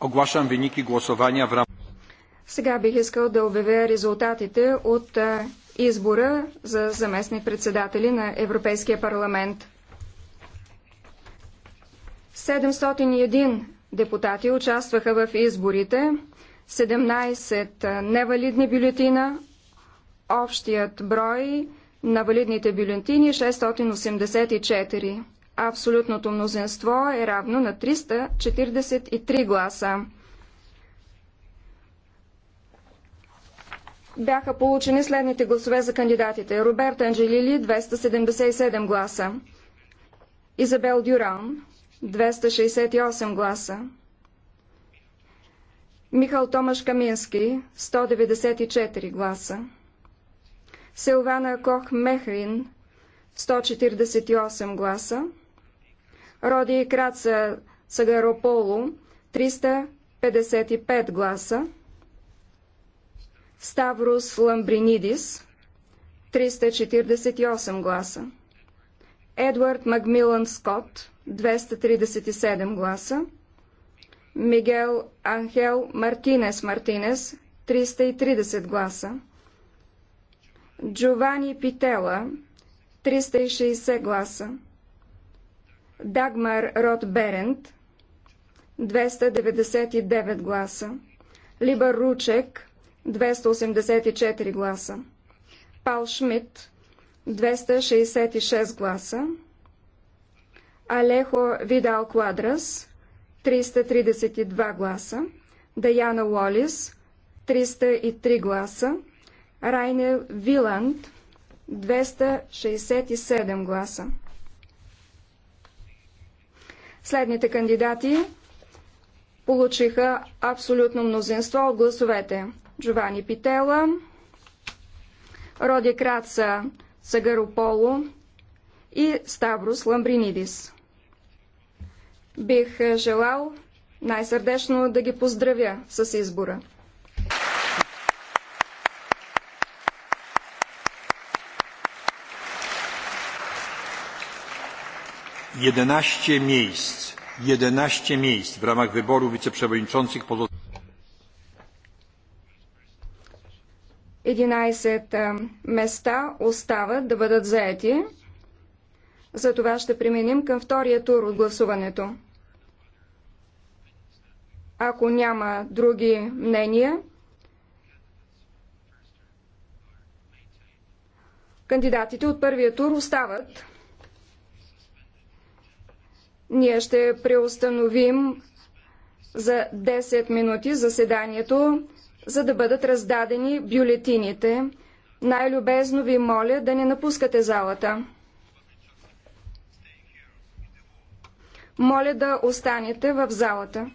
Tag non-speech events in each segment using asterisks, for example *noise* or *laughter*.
Оглашам виники гласования в Сега бих искал да обявя резултатите от избора за заместни председатели на Европейския парламент. 701 депутати участваха в изборите, 17 невалидни бюлетина, общият брой на валидните бюлетини 684 абсолютното мнозинство е равно на 343 гласа. Бяха получени следните гласове за кандидатите. Роберт Анджелили 277 гласа. Изабел Дюран 268 гласа. Михал Томаш Камински 194 гласа. Силвана Кох Мехрин 148 гласа. Роди Краца Сагарополо 355 гласа. Ставрус Ламбринидис 348 гласа. Едвард Макмилан Скот 237 гласа. Мигел Анхел Мартинес Мартинес 330 гласа. Джовани Питела 360 гласа. Дагмар Рот Берент 299 гласа. Либър Ручек 284 гласа. Пал Шмидт 266 гласа. Алехо Видал Квадрас 332 гласа. Даяна Уолис 303 гласа. Райне Виланд 267 гласа. Следните кандидати получиха абсолютно мнозинство от гласовете. Джовани Питела, Роди Краца Сагарополо и Ставрус Ламбринидис. Бих желал най-сърдечно да ги поздравя с избора. 11 miejsc, 11 miejsc w ramach wyboru wiceprzewodniczących pozostałych. 11 места остават да бъдат заети. За това ще преминем към втория тур от гласуването. Ако няма други мнения, кандидатите от първия тур остават ние ще преустановим за 10 минути заседанието, за да бъдат раздадени бюлетините. Най-любезно ви моля да не напускате залата. Моля да останете в залата.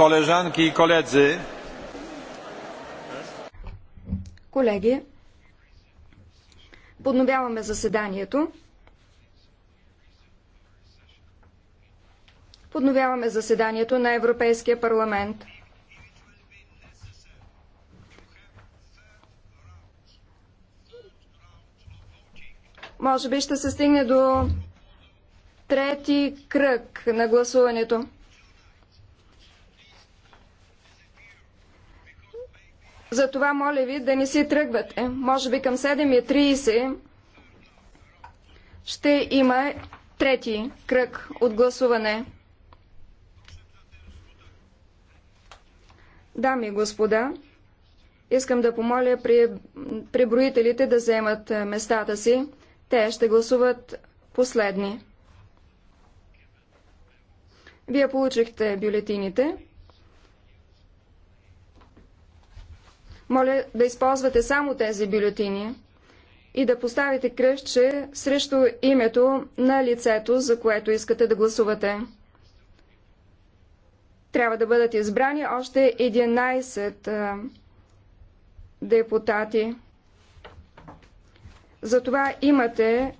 koleżanki i koledzy. Колеги, подновяваме заседанието. Подновяваме заседанието на Европейския парламент. Може би ще се стигне до трети кръг на гласуването. Затова моля ви да не си тръгвате. Може би към 7.30 ще има трети кръг от гласуване. Дами и господа, искам да помоля при, преброителите да вземат е, местата си. Те ще гласуват последни. Вие получихте бюлетините. Моля да използвате само тези бюлетини и да поставите кръщче срещу името на лицето, за което искате да гласувате. Трябва да бъдат избрани още 11 депутати. Затова имате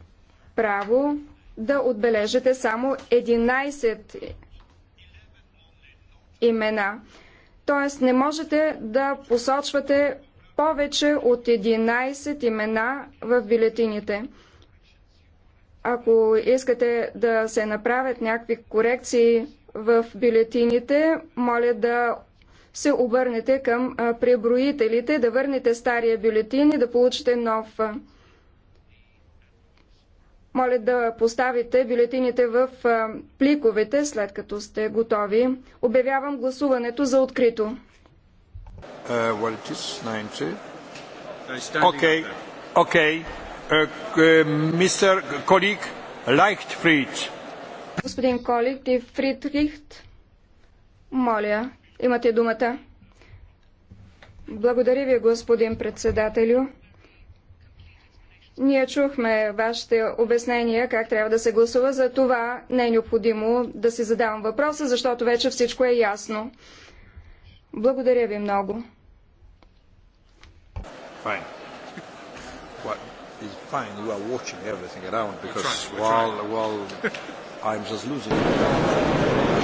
право да отбележите само 11 имена. Т.е. не можете да посочвате повече от 11 имена в бюлетините. Ако искате да се направят някакви корекции в бюлетините, моля да се обърнете към преброителите, да върнете стария бюлетин и да получите нов. Моля да поставите бюлетините в пликовете, след като сте готови. Обявявам гласуването за открито. Uh, well, it uh, uh, Господин Колик и Фридрихт, моля, имате думата. Благодаря ви, господин председателю. Ние чухме вашите обяснения как трябва да се гласува, за това не е необходимо да си задавам въпроса, защото вече всичко е ясно. Благодаря ви много. Fine. What is fine, you are watching everything around because while, while *laughs* I'm just losing.